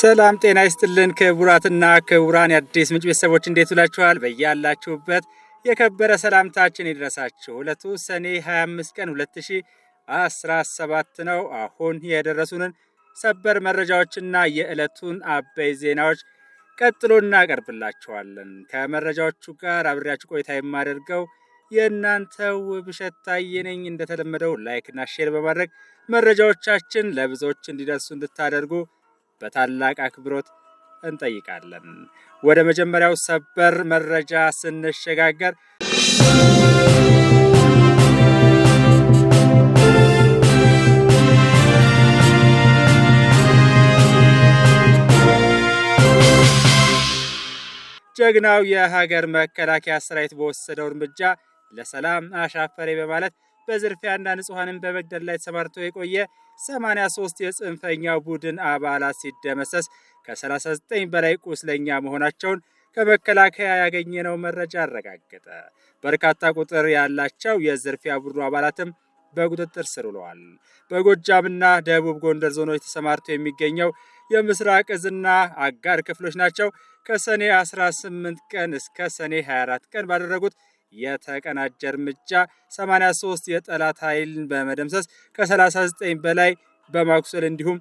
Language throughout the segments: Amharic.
ሰላም ጤና ይስጥልን ክቡራትና ክቡራን የአዲስ ምንጭ ቤተሰቦች እንዴት ውላችኋል? በያላችሁበት የከበረ ሰላምታችን ይድረሳችሁ። ዕለቱ ሰኔ 25 ቀን 2017 ነው። አሁን የደረሱንን ሰበር መረጃዎችና የዕለቱን አበይ ዜናዎች ቀጥሎ እናቀርብላችኋለን። ከመረጃዎቹ ጋር አብሬያችሁ ቆይታ የማደርገው የእናንተው ውብሸት ታዬ ነኝ። እንደተለመደው ላይክና ሼር በማድረግ መረጃዎቻችን ለብዙዎች እንዲደርሱ እንድታደርጉ በታላቅ አክብሮት እንጠይቃለን። ወደ መጀመሪያው ሰበር መረጃ ስንሸጋገር ጀግናው የሀገር መከላከያ ሰራዊት በወሰደው እርምጃ ለሰላም አሻፈሬ በማለት በዝርፊያና ንጹሐንን በመግደል ላይ ተሰማርቶ የቆየ 83 የጽንፈኛው ቡድን አባላት ሲደመሰስ ከ39 በላይ ቁስለኛ መሆናቸውን ከመከላከያ ያገኘነው መረጃ አረጋገጠ። በርካታ ቁጥር ያላቸው የዝርፊያ ቡድኑ አባላትም በቁጥጥር ስር ውለዋል። በጎጃምና ደቡብ ጎንደር ዞኖች ተሰማርቶ የሚገኘው የምስራቅ እዝና አጋር ክፍሎች ናቸው ከሰኔ 18 ቀን እስከ ሰኔ 24 ቀን ባደረጉት የተቀናጀ እርምጃ 83 የጠላት ኃይልን በመደምሰስ ከ39 በላይ በማቁሰል እንዲሁም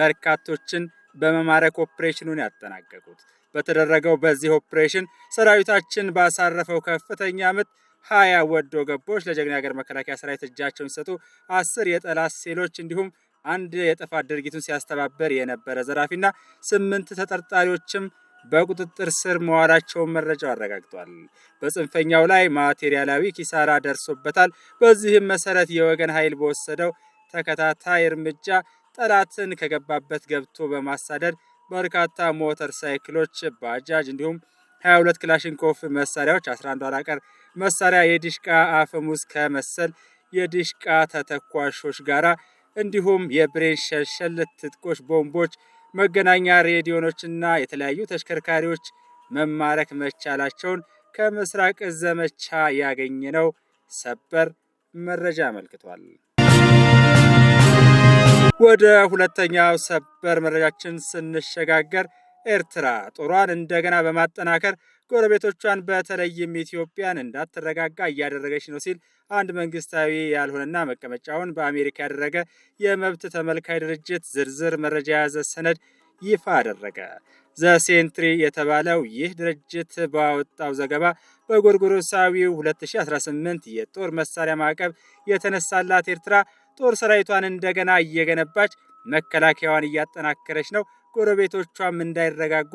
በርካቶችን በመማረክ ኦፕሬሽኑን ያጠናቀቁት። በተደረገው በዚህ ኦፕሬሽን ሰራዊታችን ባሳረፈው ከፍተኛ ምት ሀያ ወዶ ገቦች ለጀግና ሀገር መከላከያ ሰራዊት እጃቸውን ሲሰጡ አስር የጠላት ሴሎች እንዲሁም አንድ የጥፋት ድርጊቱን ሲያስተባበር የነበረ ዘራፊና ስምንት ተጠርጣሪዎችም በቁጥጥር ስር መዋላቸውን መረጃው አረጋግጧል። በጽንፈኛው ላይ ማቴሪያላዊ ኪሳራ ደርሶበታል። በዚህም መሰረት የወገን ኃይል በወሰደው ተከታታይ እርምጃ ጠላትን ከገባበት ገብቶ በማሳደድ በርካታ ሞተር ሳይክሎች፣ ባጃጅ እንዲሁም 22 ክላሽንኮፍ መሳሪያዎች፣ 11 አራቀር መሳሪያ፣ የዲሽቃ አፈሙዝ ከመሰል የዲሽቃ ተተኳሾች ጋራ እንዲሁም የብሬን ሸልሸል ትጥቆች፣ ቦምቦች መገናኛ ሬዲዮኖችና የተለያዩ ተሽከርካሪዎች መማረክ መቻላቸውን ከምስራቅ ዘመቻ ያገኘነው ሰበር መረጃ አመልክቷል። ወደ ሁለተኛው ሰበር መረጃችን ስንሸጋገር ኤርትራ ጦሯን እንደገና በማጠናከር ጎረቤቶቿን በተለይም ኢትዮጵያን እንዳትረጋጋ እያደረገች ነው ሲል አንድ መንግስታዊ ያልሆነና መቀመጫውን በአሜሪካ ያደረገ የመብት ተመልካይ ድርጅት ዝርዝር መረጃ የያዘ ሰነድ ይፋ አደረገ። ዘ ሴንትሪ የተባለው ይህ ድርጅት ባወጣው ዘገባ በጎርጎሮሳዊው 2018 የጦር መሳሪያ ማዕቀብ የተነሳላት ኤርትራ ጦር ሰራዊቷን እንደገና እየገነባች መከላከያዋን እያጠናከረች ነው፣ ጎረቤቶቿም እንዳይረጋጉ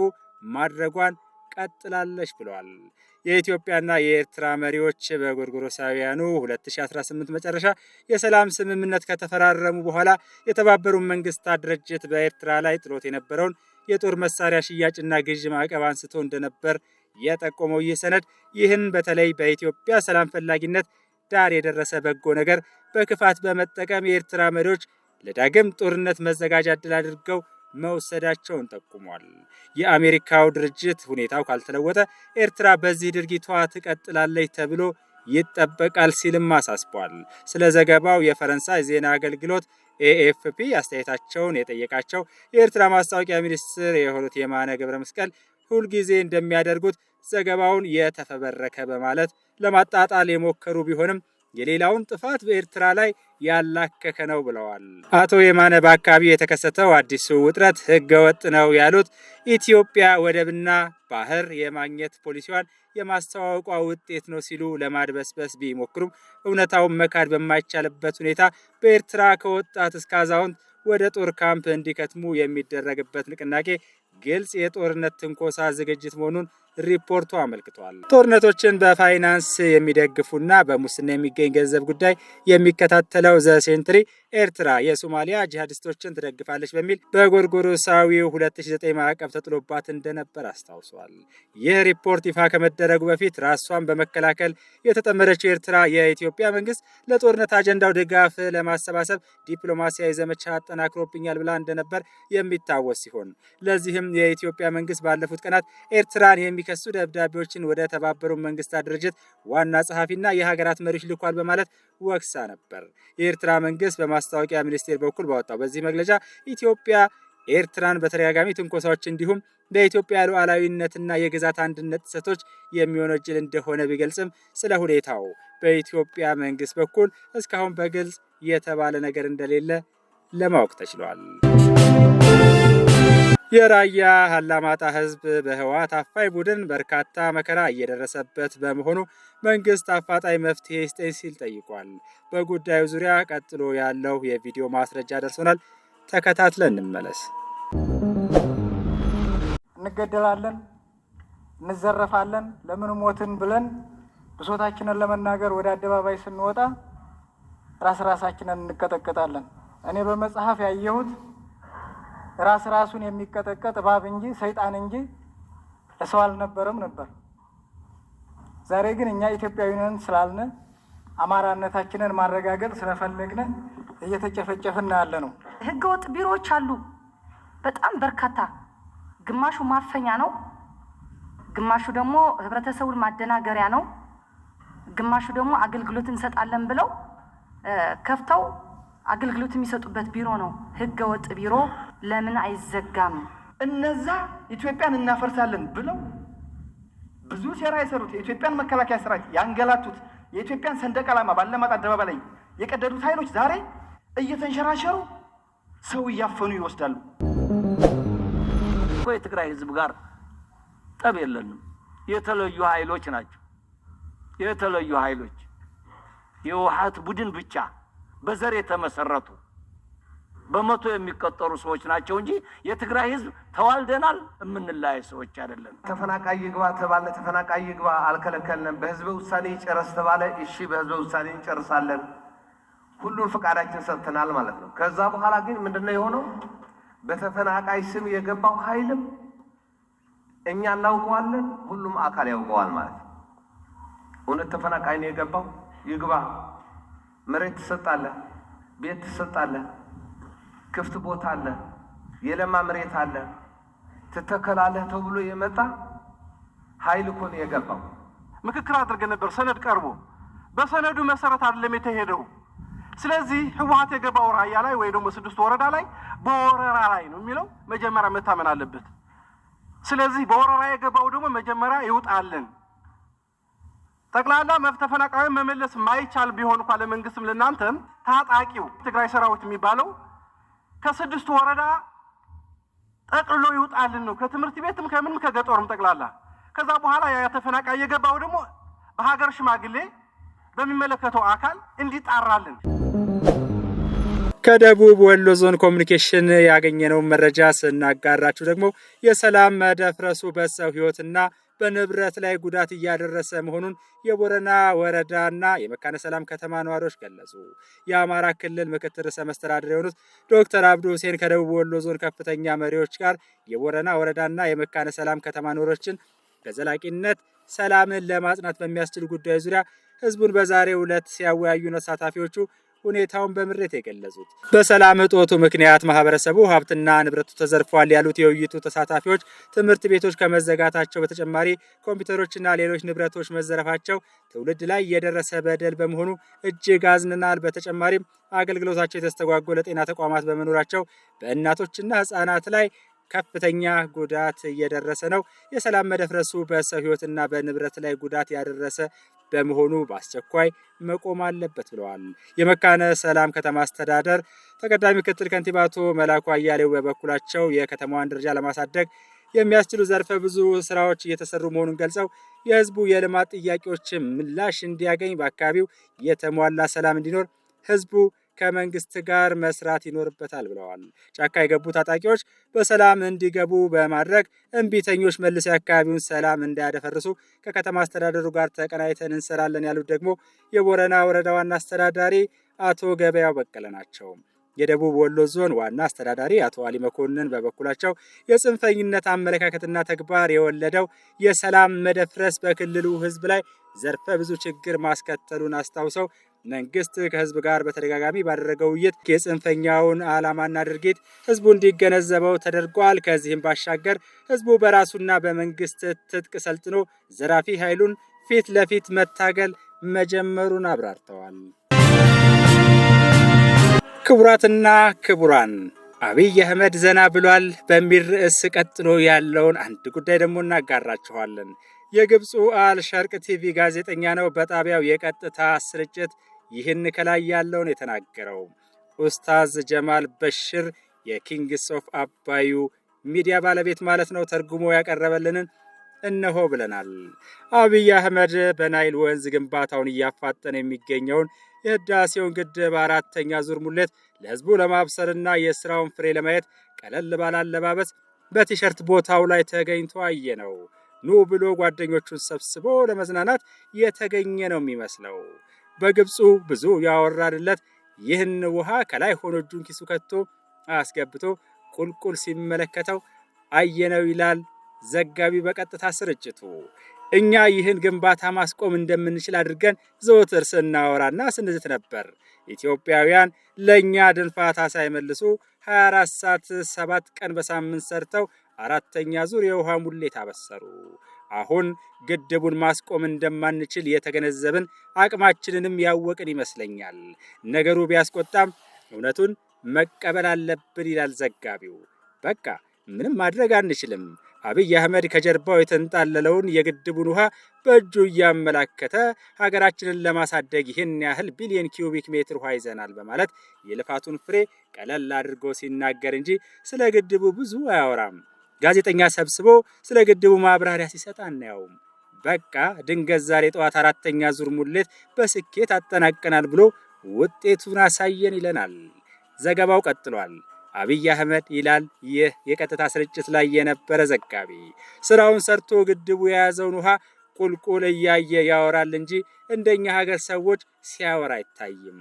ማድረጓን ቀጥላለች ብለዋል። የኢትዮጵያና የኤርትራ መሪዎች በጎርጎሮሳውያኑ 2018 መጨረሻ የሰላም ስምምነት ከተፈራረሙ በኋላ የተባበሩት መንግስታት ድርጅት በኤርትራ ላይ ጥሎት የነበረውን የጦር መሳሪያ ሽያጭና ግዥ ማዕቀብ አንስቶ እንደነበር የጠቆመው ይህ ሰነድ ይህን በተለይ በኢትዮጵያ ሰላም ፈላጊነት ዳር የደረሰ በጎ ነገር በክፋት በመጠቀም የኤርትራ መሪዎች ለዳግም ጦርነት መዘጋጃ ድል አድርገው መውሰዳቸውን ጠቁሟል። የአሜሪካው ድርጅት ሁኔታው ካልተለወጠ ኤርትራ በዚህ ድርጊቷ ትቀጥላለች ተብሎ ይጠበቃል ሲልም አሳስቧል። ስለ ዘገባው የፈረንሳይ ዜና አገልግሎት ኤኤፍፒ አስተያየታቸውን የጠየቃቸው የኤርትራ ማስታወቂያ ሚኒስትር የሆኑት የማነ ገብረ መስቀል ሁልጊዜ እንደሚያደርጉት ዘገባውን የተፈበረከ በማለት ለማጣጣል የሞከሩ ቢሆንም የሌላውን ጥፋት በኤርትራ ላይ ያላከከ ነው ብለዋል። አቶ የማነ በአካባቢ የተከሰተው አዲሱ ውጥረት ህገወጥ ነው ያሉት ኢትዮጵያ ወደብና ባህር የማግኘት ፖሊሲዋን የማስተዋወቋ ውጤት ነው ሲሉ ለማድበስበስ ቢሞክሩም እውነታውን መካድ በማይቻልበት ሁኔታ በኤርትራ ከወጣት እስከ አዛውንት ወደ ጦር ካምፕ እንዲከትሙ የሚደረግበት ንቅናቄ ግልጽ የጦርነት ትንኮሳ ዝግጅት መሆኑን ሪፖርቱ አመልክቷል። ጦርነቶችን በፋይናንስ የሚደግፉና በሙስና የሚገኝ ገንዘብ ጉዳይ የሚከታተለው ዘ ሴንትሪ ኤርትራ የሶማሊያ ጂሃዲስቶችን ትደግፋለች በሚል በጎርጎሮሳዊው 2009 ማዕቀብ ተጥሎባት እንደነበር አስታውሷል። ይህ ሪፖርት ይፋ ከመደረጉ በፊት ራሷን በመከላከል የተጠመረችው ኤርትራ የኢትዮጵያ መንግስት ለጦርነት አጀንዳው ድጋፍ ለማሰባሰብ ዲፕሎማሲያዊ ዘመቻ አጠናክሮብኛል ብላ እንደነበር የሚታወስ ሲሆን ለዚህም የኢትዮጵያ መንግስት ባለፉት ቀናት ኤርትራን የሚ የሚከሱ ደብዳቤዎችን ወደ ተባበሩት መንግስታት ድርጅት ዋና ጸሐፊና የሀገራት መሪዎች ልኳል በማለት ወቅሳ ነበር። የኤርትራ መንግስት በማስታወቂያ ሚኒስቴር በኩል ባወጣው በዚህ መግለጫ ኢትዮጵያ ኤርትራን በተደጋጋሚ ትንኮሳዎች እንዲሁም በኢትዮጵያ ሉዓላዊነትና የግዛት አንድነት ጥሰቶች የሚወነጅል እንደሆነ ቢገልጽም ስለ ሁኔታው በኢትዮጵያ መንግስት በኩል እስካሁን በግልጽ የተባለ ነገር እንደሌለ ለማወቅ ተችሏል። የራያ ሀላማጣ ህዝብ በህወሓት አፋኝ ቡድን በርካታ መከራ እየደረሰበት በመሆኑ መንግስት አፋጣኝ መፍትሄ ይስጠኝ ሲል ጠይቋል። በጉዳዩ ዙሪያ ቀጥሎ ያለው የቪዲዮ ማስረጃ ደርሶናል። ተከታትለን እንመለስ። እንገደላለን፣ እንዘረፋለን፣ ለምን ሞትን ብለን ብሶታችንን ለመናገር ወደ አደባባይ ስንወጣ ራስ ራሳችንን እንቀጠቀጣለን። እኔ በመጽሐፍ ያየሁት ራስ ራሱን የሚቀጠቀጥ እባብ እንጂ ሰይጣን እንጂ እሰው አልነበረም ነበር። ዛሬ ግን እኛ ኢትዮጵያዊ ስላልን አማራነታችንን ማረጋገጥ ስለፈለግን እየተጨፈጨፍን ያለ ነው። ህገወጥ ቢሮዎች አሉ፣ በጣም በርካታ። ግማሹ ማፈኛ ነው፣ ግማሹ ደግሞ ህብረተሰቡን ማደናገሪያ ነው፣ ግማሹ ደግሞ አገልግሎት እንሰጣለን ብለው ከፍተው አገልግሎት የሚሰጡበት ቢሮ ነው ህገወጥ ቢሮ። ለምን አይዘጋም? እነዛ ኢትዮጵያን እናፈርሳለን ብለው ብዙ ሴራ የሰሩት የኢትዮጵያን መከላከያ ሰራዊት ያንገላቱት የኢትዮጵያን ሰንደቅ ዓላማ ባለማት አደባባይ ላይ የቀደዱት ኃይሎች ዛሬ እየተንሸራሸሩ ሰው እያፈኑ ይወስዳሉ። የትግራይ ህዝብ ጋር ጠብ የለንም። የተለዩ ኃይሎች ናቸው። የተለዩ ኃይሎች የውሃት ቡድን ብቻ በዘር የተመሰረቱ በመቶ የሚቆጠሩ ሰዎች ናቸው እንጂ የትግራይ ህዝብ ተዋልደናል የምንለያይ ሰዎች አይደለም። ተፈናቃይ ይግባ ተባለ፣ ተፈናቃይ ይግባ አልከለከልንም። በህዝበ ውሳኔ ይጨረስ ተባለ፣ እሺ በህዝበ ውሳኔ እንጨርሳለን። ሁሉን ፈቃዳችን ሰጥተናል ማለት ነው። ከዛ በኋላ ግን ምንድነው የሆነው? በተፈናቃይ ስም የገባው ኃይልም እኛ እናውቀዋለን፣ ሁሉም አካል ያውቀዋል ማለት ነው። እውነት ተፈናቃይ ነው የገባው? ይግባ፣ መሬት ትሰጣለህ፣ ቤት ትሰጣለህ ክፍት ቦታ አለ፣ የለማ መሬት አለ። ትተከላለህ ተብሎ የመጣ ኃይል እኮ ነው የገባው። ምክክር አድርገን ነበር፣ ሰነድ ቀርቦ በሰነዱ መሰረት አይደለም የተሄደው። ስለዚህ ህወሀት የገባው ራያ ላይ ወይ ደግሞ ስድስት ወረዳ ላይ በወረራ ላይ ነው የሚለው መጀመሪያ መታመን አለበት። ስለዚህ በወረራ የገባው ደግሞ መጀመሪያ ይውጣልን። ጠቅላላ ተፈናቃዩን መመለስ ማይቻል ቢሆን እንኳ ለመንግስትም ለእናንተም ታጣቂው ትግራይ ሰራዊት የሚባለው ከስድስቱ ወረዳ ጠቅሎ ይውጣልን ነው ከትምህርት ቤትም ከምንም ከገጠሩም ጠቅላላ። ከዛ በኋላ ያ ተፈናቃይ የገባው ደግሞ በሀገር ሽማግሌ በሚመለከተው አካል እንዲጣራልን። ከደቡብ ወሎ ዞን ኮሚኒኬሽን ያገኘነውን መረጃ ስናጋራችሁ ደግሞ የሰላም መደፍረሱ በሰው ህይወትና በንብረት ላይ ጉዳት እያደረሰ መሆኑን የቦረና ወረዳና የመካነ ሰላም ከተማ ነዋሪዎች ገለጹ። የአማራ ክልል ምክትል ርዕሰ መስተዳድር የሆኑት ዶክተር አብዱ ሁሴን ከደቡብ ወሎ ዞን ከፍተኛ መሪዎች ጋር የቦረና ወረዳና የመካነ ሰላም ከተማ ነዋሪዎችን በዘላቂነት ሰላምን ለማጽናት በሚያስችል ጉዳይ ዙሪያ ህዝቡን በዛሬው ዕለት ሲያወያዩ ነው ተሳታፊዎቹ ሁኔታውን በምሬት የገለጹት። በሰላም እጦቱ ምክንያት ማህበረሰቡ ሀብትና ንብረቱ ተዘርፏል ያሉት የውይይቱ ተሳታፊዎች ትምህርት ቤቶች ከመዘጋታቸው በተጨማሪ ኮምፒውተሮችና ሌሎች ንብረቶች መዘረፋቸው ትውልድ ላይ የደረሰ በደል በመሆኑ እጅግ አዝንናል። በተጨማሪም አገልግሎታቸው የተስተጓጎለ ጤና ተቋማት በመኖራቸው በእናቶችና ህጻናት ላይ ከፍተኛ ጉዳት እየደረሰ ነው። የሰላም መደፍረሱ በሰው ህይወትና በንብረት ላይ ጉዳት ያደረሰ በመሆኑ በአስቸኳይ መቆም አለበት ብለዋል። የመካነ ሰላም ከተማ አስተዳደር ተቀዳሚ ምክትል ከንቲባ አቶ መላኩ አያሌው በበኩላቸው የከተማዋን ደረጃ ለማሳደግ የሚያስችሉ ዘርፈ ብዙ ስራዎች እየተሰሩ መሆኑን ገልጸው የህዝቡ የልማት ጥያቄዎችን ምላሽ እንዲያገኝ በአካባቢው የተሟላ ሰላም እንዲኖር ህዝቡ ከመንግስት ጋር መስራት ይኖርበታል ብለዋል። ጫካ የገቡ ታጣቂዎች በሰላም እንዲገቡ በማድረግ እምቢተኞች መልሰው የአካባቢውን ሰላም እንዳያደፈርሱ ከከተማ አስተዳደሩ ጋር ተቀናይተን እንሰራለን ያሉት ደግሞ የቦረና ወረዳ ዋና አስተዳዳሪ አቶ ገበያው በቀለ ናቸው። የደቡብ ወሎ ዞን ዋና አስተዳዳሪ አቶ አሊ መኮንን በበኩላቸው የጽንፈኝነት አመለካከትና ተግባር የወለደው የሰላም መደፍረስ በክልሉ ሕዝብ ላይ ዘርፈ ብዙ ችግር ማስከተሉን አስታውሰው መንግስት ከህዝብ ጋር በተደጋጋሚ ባደረገው ውይይት የጽንፈኛውን ዓላማና ድርጊት ህዝቡ እንዲገነዘበው ተደርጓል። ከዚህም ባሻገር ህዝቡ በራሱና በመንግስት ትጥቅ ሰልጥኖ ዘራፊ ኃይሉን ፊት ለፊት መታገል መጀመሩን አብራርተዋል። ክቡራትና ክቡራን አብይ አህመድ ዘና ብሏል በሚል ርዕስ ቀጥሎ ያለውን አንድ ጉዳይ ደግሞ እናጋራችኋለን። የግብፁ አልሸርቅ ቲቪ ጋዜጠኛ ነው በጣቢያው የቀጥታ ስርጭት ይህን ከላይ ያለውን የተናገረው ኡስታዝ ጀማል በሽር የኪንግስ ኦፍ አባዩ ሚዲያ ባለቤት ማለት ነው። ተርጉሞ ያቀረበልንን እነሆ ብለናል። አብይ አህመድ በናይል ወንዝ ግንባታውን እያፋጠነ የሚገኘውን የህዳሴውን ግድብ አራተኛ ዙር ሙሌት ለህዝቡ ለማብሰርና የስራውን ፍሬ ለማየት ቀለል ባላለባበስ በቲሸርት ቦታው ላይ ተገኝቶ አየ ነው ኑ ብሎ ጓደኞቹን ሰብስቦ ለመዝናናት የተገኘ ነው የሚመስለው። በግብፁ ብዙ ያወራድለት ይህን ውሃ ከላይ ሆኖ እጁን ኪሱ ከቶ አስገብቶ ቁልቁል ሲመለከተው አየነው ይላል ዘጋቢ በቀጥታ ስርጭቱ። እኛ ይህን ግንባታ ማስቆም እንደምንችል አድርገን ዘወትር ስናወራና ስንዝት ነበር። ኢትዮጵያውያን ለእኛ ድንፋታ ሳይመልሱ 24 ሰዓት ሰባት ቀን በሳምንት ሰርተው አራተኛ ዙር የውሃ ሙሌት አበሰሩ። አሁን ግድቡን ማስቆም እንደማንችል የተገነዘብን አቅማችንንም ያወቅን ይመስለኛል። ነገሩ ቢያስቆጣም እውነቱን መቀበል አለብን ይላል ዘጋቢው። በቃ ምንም ማድረግ አንችልም። አብይ አህመድ ከጀርባው የተንጣለለውን የግድቡን ውሃ በእጁ እያመላከተ ሀገራችንን ለማሳደግ ይህን ያህል ቢሊዮን ኪዩቢክ ሜትር ውሃ ይዘናል በማለት የልፋቱን ፍሬ ቀለል አድርጎ ሲናገር እንጂ ስለ ግድቡ ብዙ አያወራም። ጋዜጠኛ ሰብስቦ ስለ ግድቡ ማብራሪያ ሲሰጥ አናየውም። በቃ ድንገት ዛሬ ጠዋት አራተኛ ዙር ሙሌት በስኬት አጠናቀናል ብሎ ውጤቱን አሳየን ይለናል። ዘገባው ቀጥሏል። አብይ አህመድ ይላል ይህ የቀጥታ ስርጭት ላይ የነበረ ዘጋቢ ስራውን ሰርቶ ግድቡ የያዘውን ውሃ ቁልቁል እያየ ያወራል እንጂ እንደኛ ሀገር ሰዎች ሲያወራ አይታይም።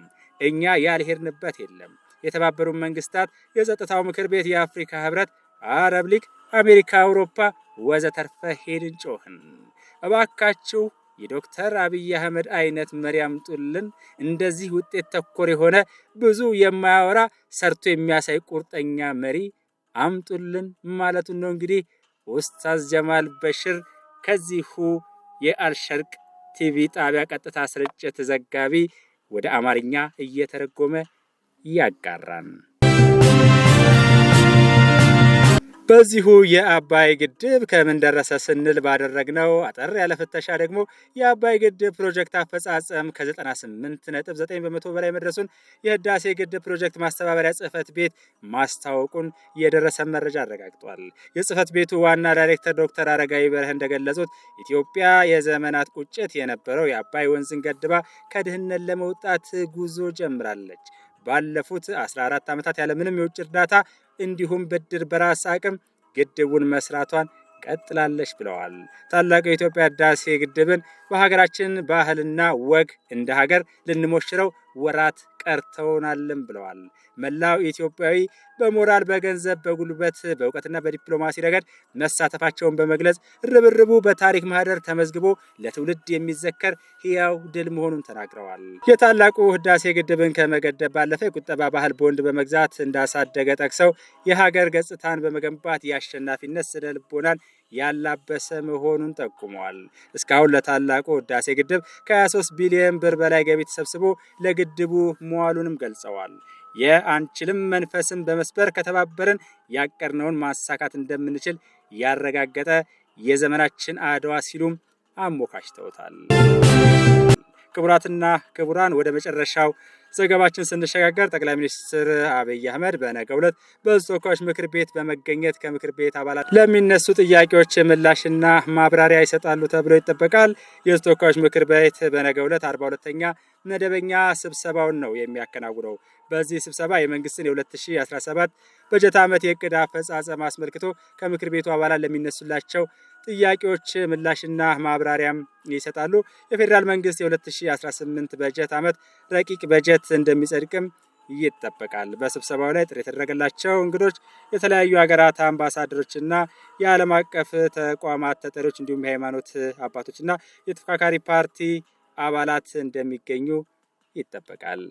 እኛ ያልሄድንበት የለም። የተባበሩት መንግስታት የጸጥታው ምክር ቤት፣ የአፍሪካ ህብረት፣ አረብ ሊግ አሜሪካ፣ አውሮፓ ወዘተርፈ ሄድን ጮህን። እባካችሁ የዶክተር አብይ አህመድ አይነት መሪ አምጡልን። እንደዚህ ውጤት ተኮር የሆነ ብዙ የማያወራ ሰርቶ የሚያሳይ ቁርጠኛ መሪ አምጡልን ማለቱ ነው። እንግዲህ ኡስታዝ ጀማል በሽር ከዚሁ የአልሸርቅ ቲቪ ጣቢያ ቀጥታ ስርጭት ዘጋቢ ወደ አማርኛ እየተረጎመ ያጋራን። በዚሁ የአባይ ግድብ ከምን ደረሰ ስንል ባደረግነው አጠር ያለ ፍተሻ ደግሞ የአባይ ግድብ ፕሮጀክት አፈጻጸም ከ98.9 በመቶ በላይ መድረሱን የህዳሴ ግድብ ፕሮጀክት ማስተባበሪያ ጽህፈት ቤት ማስታወቁን የደረሰ መረጃ አረጋግጧል። የጽህፈት ቤቱ ዋና ዳይሬክተር ዶክተር አረጋዊ በረህ እንደገለጹት ኢትዮጵያ የዘመናት ቁጭት የነበረው የአባይ ወንዝን ገድባ ከድህነት ለመውጣት ጉዞ ጀምራለች። ባለፉት 14 ዓመታት ያለምንም የውጭ እርዳታ እንዲሁም ብድር በራስ አቅም ግድቡን መስራቷን ቀጥላለች ብለዋል። ታላቁ የኢትዮጵያ ህዳሴ ግድብን በሀገራችን ባህልና ወግ እንደ ሀገር ልንሞሽረው ወራት ቀርተውናልም ብለዋል። መላው ኢትዮጵያዊ በሞራል፣ በገንዘብ፣ በጉልበት፣ በእውቀትና በዲፕሎማሲ ረገድ መሳተፋቸውን በመግለጽ ርብርቡ በታሪክ ማህደር ተመዝግቦ ለትውልድ የሚዘከር ህያው ድል መሆኑን ተናግረዋል። የታላቁ ህዳሴ ግድብን ከመገደብ ባለፈ የቁጠባ ባህል ቦንድ በመግዛት እንዳሳደገ ጠቅሰው የሀገር ገጽታን በመገንባት የአሸናፊነት ስነ ልቦናን ያላበሰ መሆኑን ጠቁመዋል። እስካሁን ለታላቁ ህዳሴ ግድብ ከ23 ቢሊዮን ብር በላይ ገቢ ተሰብስቦ ለግድቡ መዋሉንም ገልጸዋል። የአንችልም መንፈስን በመስበር ከተባበርን ያቀድነውን ማሳካት እንደምንችል ያረጋገጠ የዘመናችን አድዋ ሲሉም አሞካሽተውታል። ክቡራትና ክቡራን ወደ መጨረሻው ዘገባችን ስንሸጋገር ጠቅላይ ሚኒስትር አብይ አህመድ በነገ ዕለት በሕዝብ ተወካዮች ምክር ቤት በመገኘት ከምክር ቤት አባላት ለሚነሱ ጥያቄዎች ምላሽና ማብራሪያ ይሰጣሉ ተብሎ ይጠበቃል። የሕዝብ ተወካዮች ምክር ቤት በነገ ዕለት አርባ ሁለተኛ መደበኛ ስብሰባውን ነው የሚያከናውነው። በዚህ ስብሰባ የመንግስትን የ2017 በጀት ዓመት የእቅድ አፈጻጸም አስመልክቶ ከምክር ቤቱ አባላት ለሚነሱላቸው ጥያቄዎች ምላሽና ማብራሪያም ይሰጣሉ። የፌዴራል መንግስት የ2018 በጀት ዓመት ረቂቅ በጀት እንደሚጸድቅም ይጠበቃል። በስብሰባው ላይ ጥሪ የተደረገላቸው እንግዶች የተለያዩ ሀገራት አምባሳደሮችና የዓለም አቀፍ ተቋማት ተጠሪዎች እንዲሁም የሃይማኖት አባቶችና የተፎካካሪ ፓርቲ አባላት እንደሚገኙ ይጠበቃል።